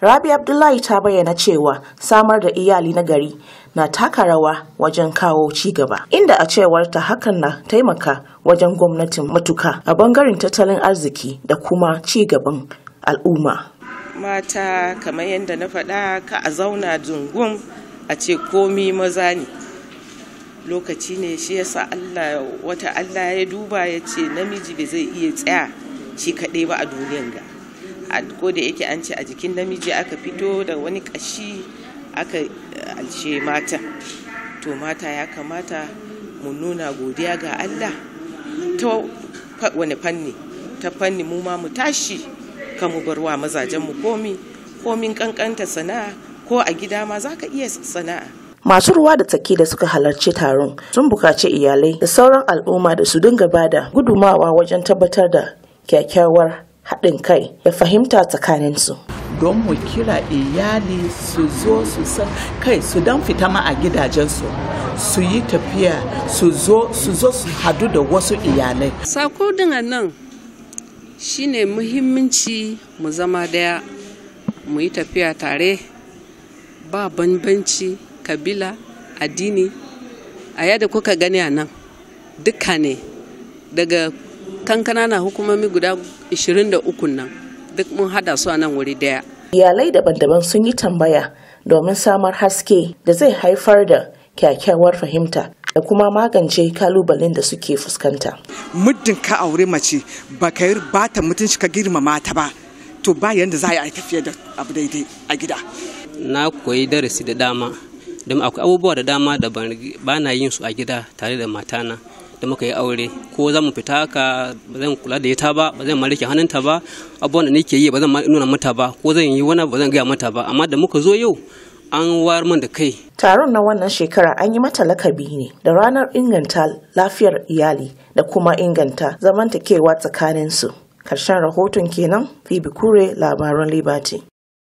Rabi Abdullahi ta bayyana cewa samar da iyali na gari na taka rawa wajen kawo ci gaba, inda a cewar ta hakan na taimaka wajen gwamnatin matuka a bangaren tattalin arziki da kuma ci gaban al'umma. Mata kamar yadda na faɗa ka a zauna dungun a ce komi maza ne. Lokaci ne shi yasa Allah wata Allah ya duba ya ce namiji bai zai iya tsaya shi kaɗai ba a duniyan ga. ko da yake an ce a jikin namiji aka fito da wani kashi aka eh, alshe mata to mata ya kamata mu nuna godiya ga allah ta wani fanni ta fanni mu ma mu tashi kan mu barwa mazajen mu komi komin kankanta sana'a ko a gida ma za iya sana'a masu ruwa da tsaki da suka halarci taron sun bukaci iyalai da sauran al'umma da su dinga bada gudumawa wajen tabbatar da kyakkyawar haɗin kai ya fahimta tsakaninsu. don mu kira iyali su zo su san kai su dan fita ma a gidajensu su yi tafiya su zo su hadu da wasu iyalai sako a nan shine muhimmanci mu zama daya mu yi tafiya tare ba banbanci kabila addini a yadda kuka gani a nan duka ne daga Kankana na hukumomi guda 23 nan duk mun hada su a nan wuri daya iyalai daban-daban sun yi tambaya domin samar haske da zai haifar da kyakkyawar fahimta da kuma magance kalubalen da suke fuskanta muddin ka aure mace ba ka bata mutunci ka girmama ta ba to ba yanda za a yi tafiya da abu daidai a gida na koyi darasi da dama don akwai abubuwa da dama da ba na yin su a gida tare da matana da muka yi aure ko za mu fita haka ba zan kula da ita ba ba zan hannun hannunta ba abubuwan da nake yi ba zan nuna mata ba ko zan yi wani ba zan gaya mata ba amma da muka zo yau an wayar mun da kai. Taron na wannan shekara an yi mata lakabi ne da ranar inganta lafiyar iyali da kuma inganta zamantakewa su Karshen rahoton kenan, fibi Kure labaran Liberty.